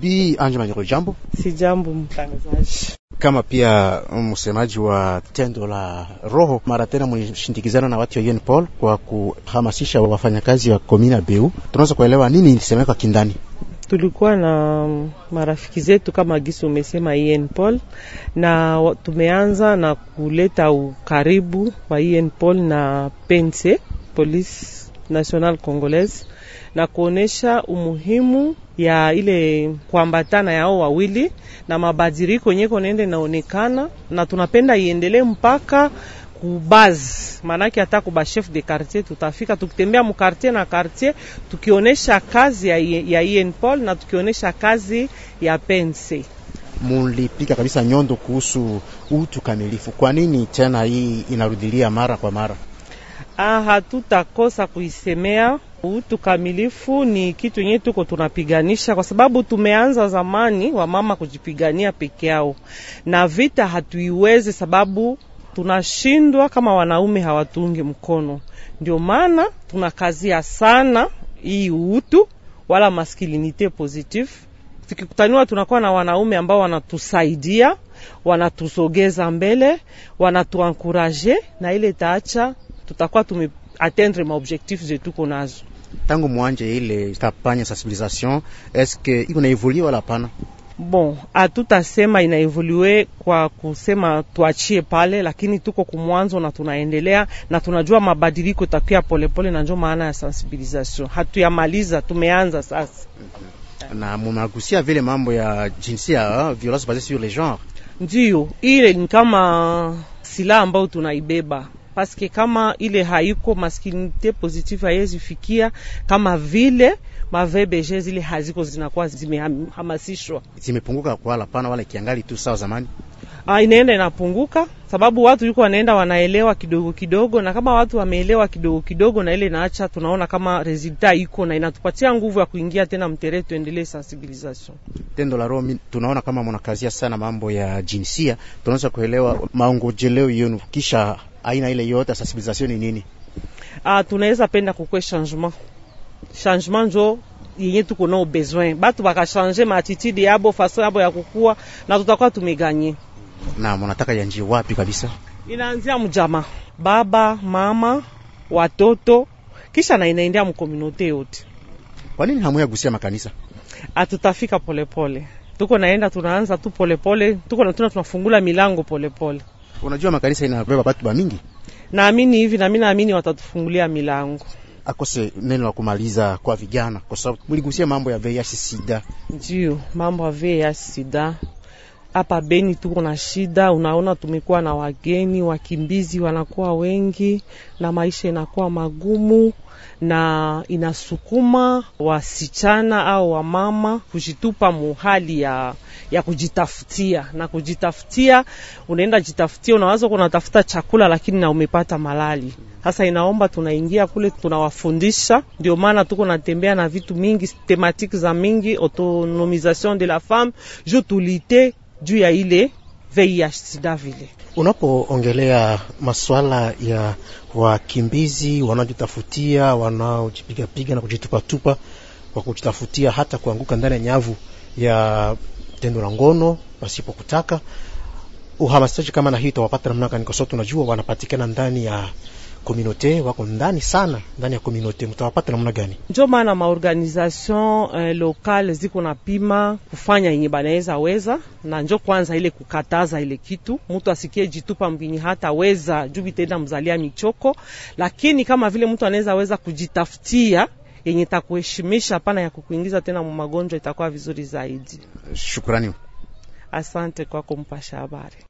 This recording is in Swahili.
Bi Anjuma Manyoro, jambo. Si jambo mtangazaji, kama pia um, msemaji wa tendo la roho, mara tena mlishindikizana na watu wa Paul kwa kuhamasisha wafanyakazi wa komina Beu. Tunaweza kuelewa nini ilisemeka kindani? Tulikuwa na marafiki zetu kama gisi umesema Paul, na tumeanza na kuleta ukaribu wa Paul na pense Police Nationale Congolaise na kuonesha umuhimu ya ile kuambatana yao wawili na mabadiriko nyeko konende naonekana, na tunapenda iendelee mpaka kubazi maanake, hata kuba chef de quartier tutafika tukitembea mukartier na quartier, tukionesha kazi ya, ya na tukionesha kazi ya pense. Mulipika kabisa nyondo kuhusu utu kamilifu. Kwa nini tena hii inarudilia mara kwa mara? Ah, hatutakosa kuisemea Utu kamilifu ni kitu yenye tuko tunapiganisha, kwa sababu tumeanza zamani wamama kujipigania peke yao, na vita hatuiwezi sababu tunashindwa kama wanaume hawatungi mkono. Ndio maana tunakazia sana hii utu wala masculinity positive. Tukikutaniwa tunakuwa na wanaume ambao wanatusaidia, wanatusogeza mbele, wanatuankuraje, na ile taacha tutakuwa tume atteindre de maobjectif zetu konazo. Tangu mwanje ile kampanya sensibilisation, est-ce eske iko naevolue wala hapana? Bon, hatutasema inaevolue kwa kusema tuachie pale, lakini tuko kumwanzo na tunaendelea na tunajua mabadiliko takuya polepole, na ndio maana ya sensibilisation. Hatuyamaliza, tumeanza sasa. Mhm. Na munagusia vile mambo ya jinsia, violence basée sur le genre, ndio ile ni kama silaha ambayo tunaibeba paske kama ile haiko maskinite positive haiwezi fikia kama vile mavebege zile haziko zinakuwa zimehamasishwa, zimepunguka kwala pana wala kiangali tu sawa zamani. A, ah, inaenda inapunguka sababu watu yuko wanaenda wanaelewa kidogo kidogo, na kama watu wameelewa kidogo kidogo, na ile naacha tunaona kama resulta iko na inatupatia nguvu ya kuingia tena mtere, tuendelee sensibilisation. Tendo la roho tunaona kama mnakazia sana mambo ya jinsia, tunaweza kuelewa maongojeleo yenu kisha aina ile yote sensibilisation ni nini? Ah, tunaweza penda kukwe changement changement njo yenye tuko nao besoin, batu ma attitude yabo fason yabo ya kukua, na tutakuwa tumeganye. Na mnataka yanjie wapi kabisa? Inaanzia mjama, baba, mama, watoto, kisha na inaendea mkomunote yote. Kwa nini hamuya gusia makanisa? Atutafika ah, polepole, tuko naenda tunaanza tu polepole, tuko na tuna tunafungula milango polepole pole. Unajua makanisa inabeba watu ba mingi, naamini hivi na mimi naamini watatufungulia milango. Akose neno la kumaliza kwa vijana, kwa sababu muligusia mambo ya VIH sida, ndio mambo ya VIH sida hapa Beni tuko na shida, unaona tumekuwa na wageni wakimbizi wanakuwa wengi, na maisha inakuwa magumu, na inasukuma wasichana au wamama kujitupa muhali ya, ya kujitafutia na kujitafutia. Unaenda jitafutia, unawaza kunatafuta chakula, lakini na umepata malali. Sasa inaomba tunaingia kule, tunawafundisha. Ndio maana tuko natembea na vitu mingi, tematiki za mingi, autonomisation de la femme, juu tulite juu ya ile VIH sida. Vile unapoongelea masuala ya wakimbizi wanaojitafutia, wanaojipigapiga na kujitupatupa kwa kujitafutia, hata kuanguka ndani ya nyavu ya tendo la ngono pasipo kutaka, uhamasishaji kama na hii utawapata namna gani? Kwa sababu tunajua wanapatikana ndani ya komunote wako ndani sana ndani ya komunote, mtawapata namna gani? Ndio maana maorganization eh, lokale ziko na pima kufanya yenye banaweza weza, na njo kwanza ile kukataza ile kitu mtu asikie jitupa mbinyi hata weza juu itaenda mzalia michoko, lakini kama vile mtu anaweza weza kujitafutia yenye takuheshimisha, pana ya kukuingiza tena mu magonjwa, itakuwa vizuri zaidi. Shukrani, asante kwako, mpasha habari.